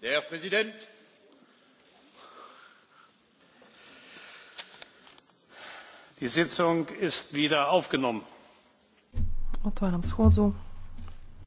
herr präsident die sitzung ist wieder aufgenommen. otváram